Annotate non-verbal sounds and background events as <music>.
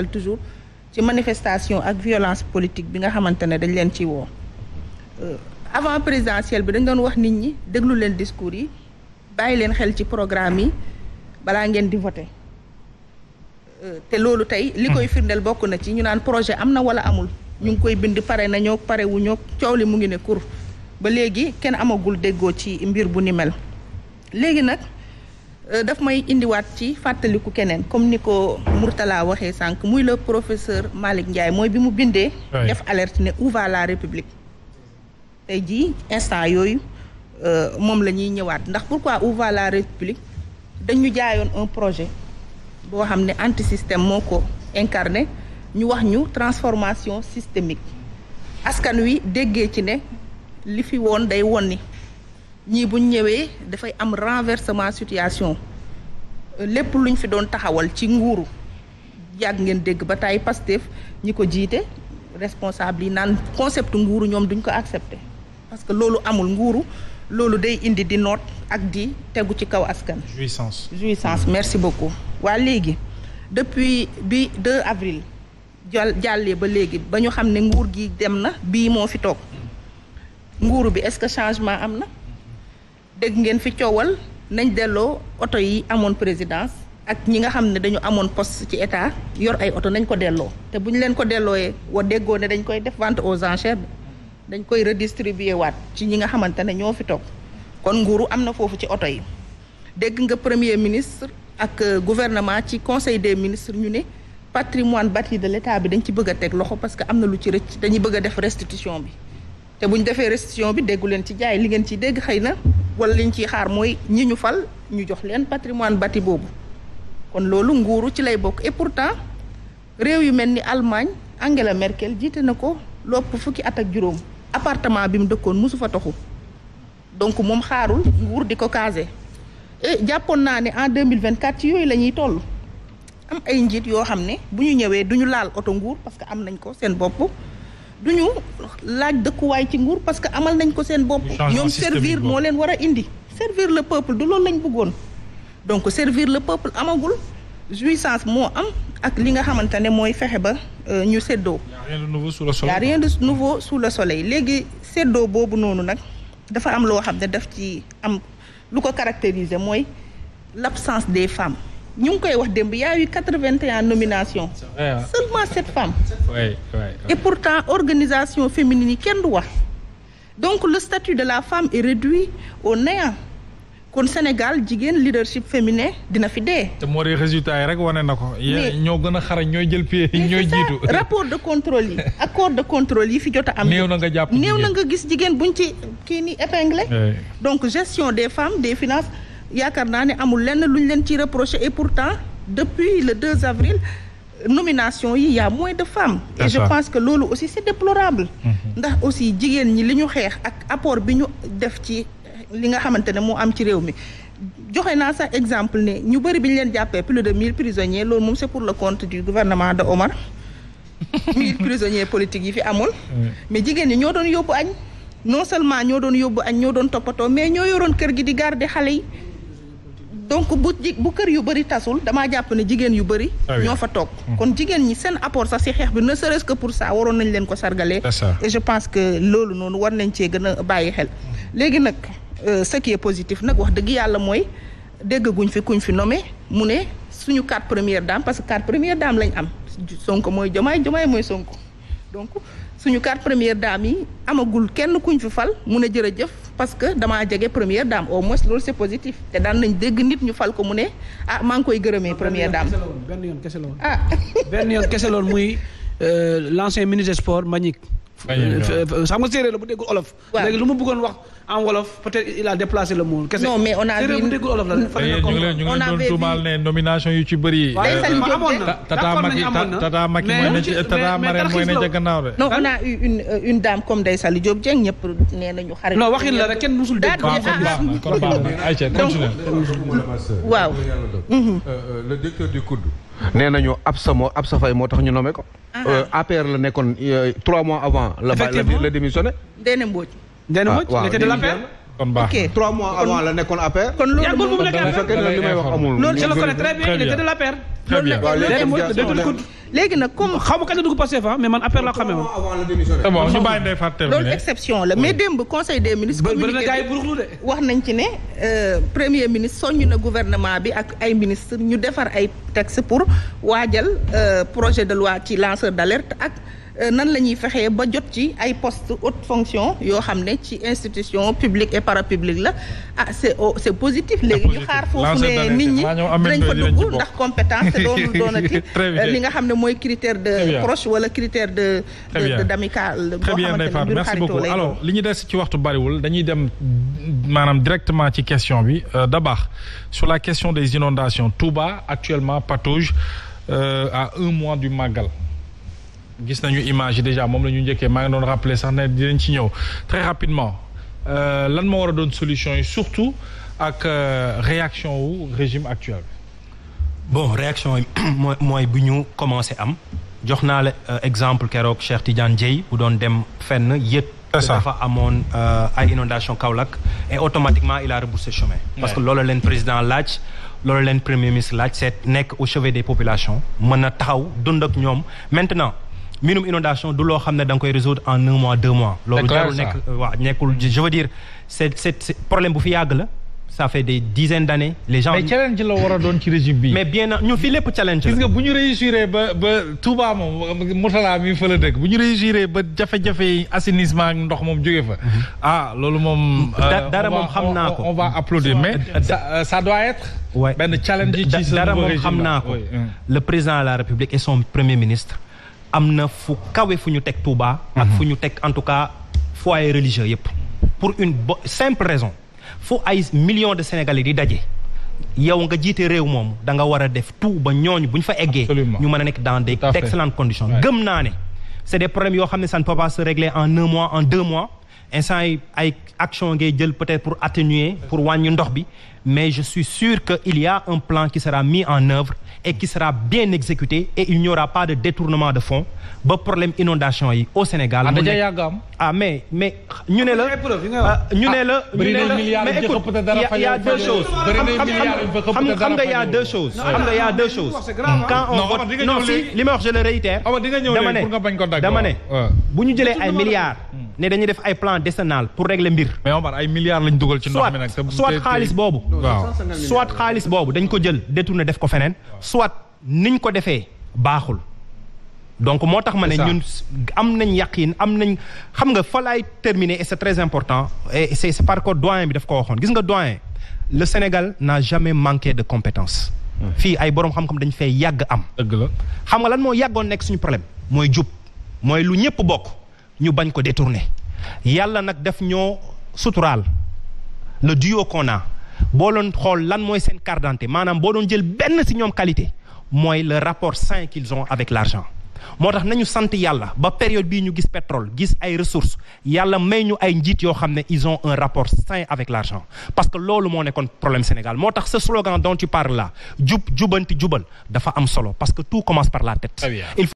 toujours ci manifestation ak violence politique bi nga xamante ne dañ leen ci woo euh, avant présidentielle bi dañ doon wax nit ñi déglu leen discours yi bàyyi leen xel ci programme yi balaa ngeen di voter euh, te loolu tey li koy firndeel bokk na ci ñu naan projet am na wala amul ñu ngi koy bind pare na ñoo pare wu ñoo coow li mu ngi ne kur ba léegi kenn amagul déggoo ci mbir bu ni mel léegi nag Euh, daf may indiwaat ci fàttaliku keneen comme ni ko Mourtala waxee sànq muy le professeur Malick Ndiaye mooy bi mu bindee. def alerte ne où va la République. tey ji instant yooyu euh, moom la ñuy ñëwaat ndax pourquoi où va la République dañu jaayoon un projet boo xam ne anti système moo ko incarné ñu wax ñu transformation systémique askan wi déggee ci ne li fi woon day ni ñii buñ ñëwee dafay am renversement situation lépp luñ fi doon taxawal ci nguuru yàgg ngeen dégg ba tey Pastef ñi ko jiite responsable yi naan concept nguuru ñoom duñ ko accepté parce que loolu amul nguuru loolu day indi di noot ak di tegu ci kaw askan. jouissance jouissance merci beaucoup. waa léegi depuis bi 2 avril jàll jàllee ba léegi ba ñu xam ne nguur gi dem na bii moo fi toog nguuru bi est-ce que changement am na dégg ngeen fi coowal. nañ delloo oto yi amoon présidence ak ñi nga xam ne dañu amoon post ci état yor ay oto nañ ko delloo te bu ñu leen ko delloo dellooyee wa déggoo ne dañ koy def vente aux enchères dañ koy redistribuer waat ci ñi nga xamante ne ñoo fi toog kon nguuru am na foofu ci oto yi dégg nga premier ministre ak euh, gouvernement ci conseil des ministre ñu ne patrimoine bâti de l'état bi dañ ci bëgg teg loxo parce que am na lu ci rëcc dañu bëgg def restitution bi te bu ñu defee restitution bi déggu leen ci jaay li ngeen ci dégg xëy na wala liñ ciy xaar mooy ñi ñu fal ñu jox leen patrimoine bâti boobu kon loolu nguuru ci lay bokk et pourtant réew yu mel ni Allemagne Angela Merkel jiite na ko lopp fukki at ak juróom apartement bi mu dëkkoon mosu fa toxu donc moom xaarul nguur di ko casé et jàppoon naa ne en 2024 ci yooyu la ñuy toll am ay njiit yoo xam ne bu ñu ñëwee du ñu laal oto nguur parce que am nañ ko seen bopp du ñu laaj dëkkuwaay ci nguur parce que amal nañ ko seen bopp ñoom servir moo leen war a indi servir la peuple du loolu lañ bëggoon donc servir le peuple amagul jouissance moo am ak li nga xamante ne mooy fexe ba euh, ñu seddoo y a rien de nouveau sous le soleil léegi séddoo boobu noonu nag dafa am loo xam ne daf ci am lu ko caractériser mooy l'absence des femmes ñu ngi koy wax démb y a quatre-vingt-un nominations seulement sept femmes oui, oui, oui. et pourtant organisation féminine yi kenn du wax donc le statut de la femme et réduit au néant kon Sénégal jigéen leadership féminin dina fi dee. te moo di résultat yi rek wane na ko. ñoo gën a xarañ ñooy jël pied ñooy jiitu. <laughs> rapport de contrôle yi accord de contrôle yi fi jot am. néew na nga jàpp néew na nga gis jigéen buñ ci kii ni épinglé. donc gestion des femmes des finances. yaakaar naa ne amul lenn lu ñu leen ci reproché et pourtant depuis le 2 avril nomination yi y a moins de femmes et je pense que loolu aussi c'est déplorable mhm. ndax aussi jigéen ñi li ñu xeex ak apport bi ñu def ci li nga xamante ne moo am ci réew mi joxe naa sax exemple ne ñu bari bi ñu leen jàppee plus de mille prisonniers loolu moom c'est pour le compte du gouvernement de Omar <laughs> mille prisonniers politiques yi fi amul mais jigéen ñi ñoo doon yóbbu añ non seulement ñoo doon yóbbu añ ñoo doon toppatoo mais ñoo yoroon kër gi di garder xale yi donc bu bu kër yu bëri tasul damaa jàpp ne jigéen yu bëri ah ñoo fa toog hmm. kon jigéen ñi seen apport sax si xeex bi na serait-ce que pour ça waroon nañ leen ko sargalee et je pense que loolu noonu war nañ cee gën a bàyyi xel hmm. léegi nag euh, ce qui est positif nag wax dëgg yàlla mooy déggaguñ fi kuñ fi nommé mu ne suñu quatre premières dames parce que quatre premières dames lañ am Sonko mooy Jomaay Jomaay mooy sonk donc suñu quatre premières dames yi amagul kenn ku kuñ fi fal mun a jëf parce que damaa jege première dame au moins loolu c'est positif te daan nañ dégg nit ñu fal ko mu ne ah maa ngi koy gërëmee première dame la woon ah benn yoon kese la woon muy euh, l'ancien ministre des sports Mbagnick Euh, euh, xam nga séeréer la bu déggul olof. léegi lu ma bëggoon wax en wolof peut-être il a déplacé le mot. kese non mais on a séeréer bu déggul olof la. on a doon tuumaal ne nomination yu ci bëri. amoon na tata Maki tata Maki mooy ne ci tata Marème mooy ne ca gannaaw de. non on a une euh, une comme Ndeye Saly Diop Dieng ñëpp nee nañu xarit. non waxin la rek kenn musul dégg. baax na kon baax na ah. ayca continue. waaw. Mhm. le directeur du nee nañu Absa moo Absa Faye moo tax ñu nommé ko. la nekkoon trois mois avant. la la démissionné. Ndéné Mbodj. Ndéné Mbodj la ca de l'APR kon baax na trois a avant la nekkoon APR. kon loolu moom bu fekkee ne li may wax amul. loolu je le connais très bien il était de l'APR. très bien loolu léegi nag comme xaw kañ la dugg Pastef ah, mais man affaire la xamee woon. Ah bon ñu bàyyi Ndeye Fatou terminer loolu exception la mais démb conseil des ministres. communiqué wax nañ ci ne euh, premier ministre soññ na gouvernement bi ak ay ministres ñu defar ay textes pour waajal euh, projet de loi ci lanceur d' alerte ak. Euh, nan la ñuy fexee ba jot ci ay poste haute fonction yoo xam ne ci institution publique et parapublique la ah c'est c'est positif léegi ñu xaar foofu ne nit ñi dinañ fa dugg ndax compétence doonu <laughs> doonati euh, li nga xam ne mooy critère de proche wala critère de d'amical boo xamante ne merci beaucoup alors li ñu des ci waxtu bariwul dañuy dem maanaam directement ci question bi euh, da baax sur la question des inondations Touba actuellement patauge à un mois du Magal gis nañu image yi déjà moom la ñu njëkkee maa ngi doon rappeler sax ne dinañ ci ñëw très rapidement euh, lan moo war a doon solution yi surtout ak euh, réaction wu régime actuel bon réaction <clears throat> mooy mooy bu ñu commencé am jox naa la euh, exemple keroog Cheikh Tidiane Dieye bu doon dem fenn yëg dafa amoon ay inondation Kaolack et automatiquement il a rebroussé chemin parce que loolu leen président laaj loolu leen premier ministre laaj c'est nekk au chevet des population mën a taxaw dund ak ñoom maintenant mbirum inondation du loo xam ne dan nga koy résoudre en un mois deux mois. loolu jarul nekk euh, waaw nekkul je veux dire c'est problème bu fi yàgg la. ça fait des dizaines d'années les gens. mais la war a doon ci régime bi. mais bien ñu fii lépp challenge la. gis nga bu ñu réussir ba ba Touba moom Moutala mi fa la dëkk bu ñu réussir ba jafe-jafe assainissement ak ndox moom jóge fa. Mhm. ah loolu moom. Euh, dara moom xam naa ko on va applaudir mais. Euh, ça doit être. benn challenge ci dara moom xam naa ko. le président de la République et son premier ministre. am na fu kawe fu ñu teg Touba. ak mhm. fu ñu teg en tout cas foyer religieux yëpp. pour une simple raison fu ay millions de Sénégalais di daje. yow nga jiite réew moom da nga war a def tout ba ñooñu bu ñu fa eggee. ñu mën a nekk dans des d'excellentes conditions. gëm naa ne c'est des problèmes yoo xam ne san ne peut se régler en un mois en deux mois instant ay action ngay jël peut-être pour atténuer pour wàññi ndox bi. mais je suis sûr qu'il y un plan qui sera mis en œuvre et qui sera bien exécuté et il n'y aura pas de détournement de fonds ba problème inondation yi au Sénégal. Ah, mu nekk ah, mais mais ñu la. Ah, ñu ne la ñu mais écoute il y a deux choses. xam quand on vote non si li ma wax je le réitère. dama ne dama ne bu ñu jëlee ay milliards. ne dañuy def ay plan décennal pour régler mbir. ay milliards lañ dugal ci ndox mi soit soit xaalis boobu. waaw soit xaalis boobu dañ ko jël détourné def ko feneen soit niñ ko defee baaxul donc moo tax ma ne ñun am nañ yaqin am nañ xam nga fa laay terminer et c'est très important et c'est par quoi doyen bi daf ko waxoon gis nga doyen le Sénégal n'a jamais manqué de compétence fii ay boroom xam-xam dañ fee yàgg am dëgg la xam nga lan moo yàggoon nekk suñu problème mooy jub mooy lu ñëpp bokk ñu bañ ko détourner yàlla nag def ñoo suturaal le duo qu'on boo loon xool lan mooy seen carte maanaam boo doon jël benn ci ñoom qualité mooy le rapport sain qu'ils ont avec l'argent moo tax nañu sant yàlla ba période bii ñu gis pétrole gis ay ressources yàlla may ñu ay njiit yoo xam ne ils ont un rapport sain avec l'argent parce que loolu moo nekkoon problème Sénégal moo tax ce slogan dont tu parles là jub jubanti jubal dafa am solo parce que tout commence par la tête